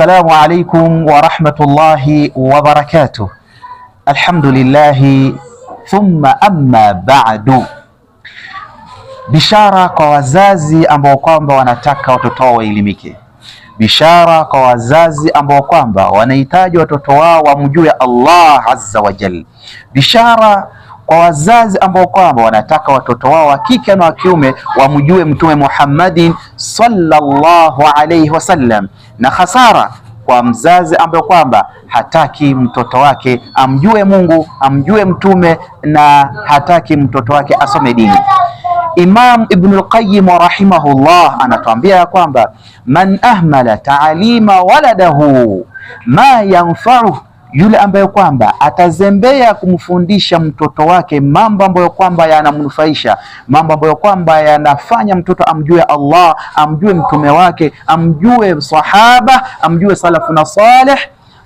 السلام عليكم ورحمة الله وبركاته الحمد لله ثم أما بعد Bishara kwa wazazi ambao kwamba wanataka watoto wao waelimike. Bishara kwa wazazi ambao kwamba wanahitaji watoto wao wamjue Allah azza wa jal. Bishara kwa wazazi ambao kwamba wanataka watoto wao wa kike na wa kiume wamjue Mtume Muhammadin sallallahu alayhi wasallam, na hasara kwa mzazi ambaye kwamba hataki mtoto wake amjue Mungu, amjue mtume na hataki mtoto wake asome dini. Imam al Qayyim rahimahullah anatuambia ya kwamba man ahmala taalima waladahu ma yanfa'u yule ambaye kwamba atazembea kumfundisha mtoto wake mambo ambayo kwamba yanamnufaisha, mambo ambayo kwamba yanafanya mtoto amjue Allah, amjue mtume wake, amjue sahaba, amjue salafu na saleh,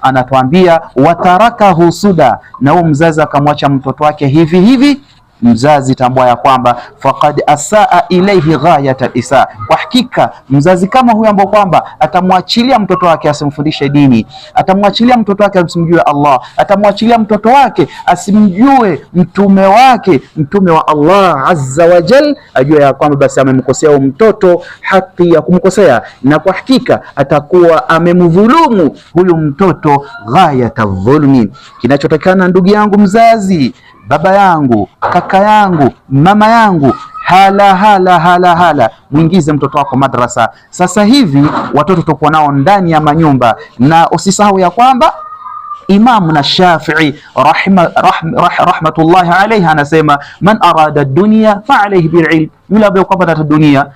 anatuambia watarakahu suda, na huyo mzazi akamwacha mtoto wake hivi hivi mzazi tambua ya kwamba faqad asaa ilaihi ghayata isaa, kwa hakika mzazi kama huyo ambao kwamba atamwachilia mtoto wake asimfundishe dini, atamwachilia mtoto wake asimjue Allah, atamwachilia mtoto wake asimjue mtume wake, mtume wa Allah azza wa jal, ajue ya kwamba basi amemkosea mtoto haki ya kumkosea, na kwa hakika atakuwa amemdhulumu huyu mtoto ghayata dhulmi. Kinachotakana ndugu yangu mzazi baba yangu, kaka yangu, mama yangu hala hala hala hala, mwingize mtoto wako madrasa. Sasa hivi watoto tutakuwa nao ndani ya manyumba, na usisahau ya kwamba Imamu na Shafii rahma, rahma, rahmatullahi alaihi anasema man arada dunia fa alaihi bililm, yule ambaye kwamba anataka dunia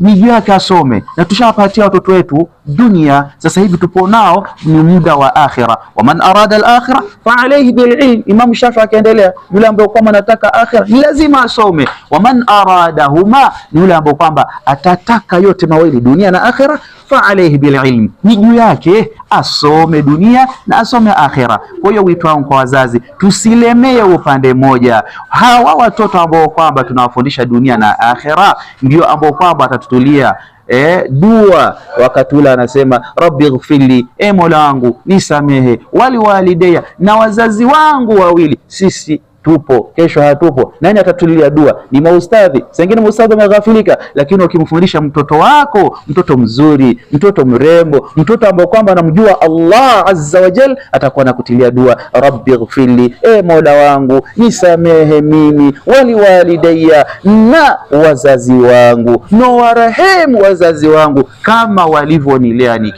ni juu yake asome, na tushawapatia watoto wetu dunia. Sasa hivi tupo nao, ni muda wa akhira. Wa man arada al fa alayhi bil ilm. Imam Shafi akaendelea, yule ambaye kwamba anataka akhira ni lazima asome. Wa man arada huma, ni yule ambaye kwamba atataka yote mawili, dunia na akhira fa alayhi bil ilm, ni juu yake asome dunia na asome akhera. Kwa hiyo wito wangu kwa wazazi, tusilemee upande mmoja. Hawa watoto ambao kwamba tunawafundisha dunia na akhera ndio ambao kwamba watatutulia Eh, dua wakatula anasema rabbi ighfirli, e mola wangu nisamehe, wali walideya na wazazi wangu wawili. Sisi tupo, kesho hatupo. Nani atatulia dua? Ni maustadhi. Sengine maustadhi ameghafilika, lakini ukimfundisha mtoto wako, mtoto mzuri, mtoto mrembo, mtoto ambao kwamba anamjua Allah azza wa jal, atakuwa nakutilia dua, rabbi ghfirli, e mola wangu nisamehe mimi, waliwalidayya, na wazazi wangu, no warehemu wazazi wangu kama walivyonilea niki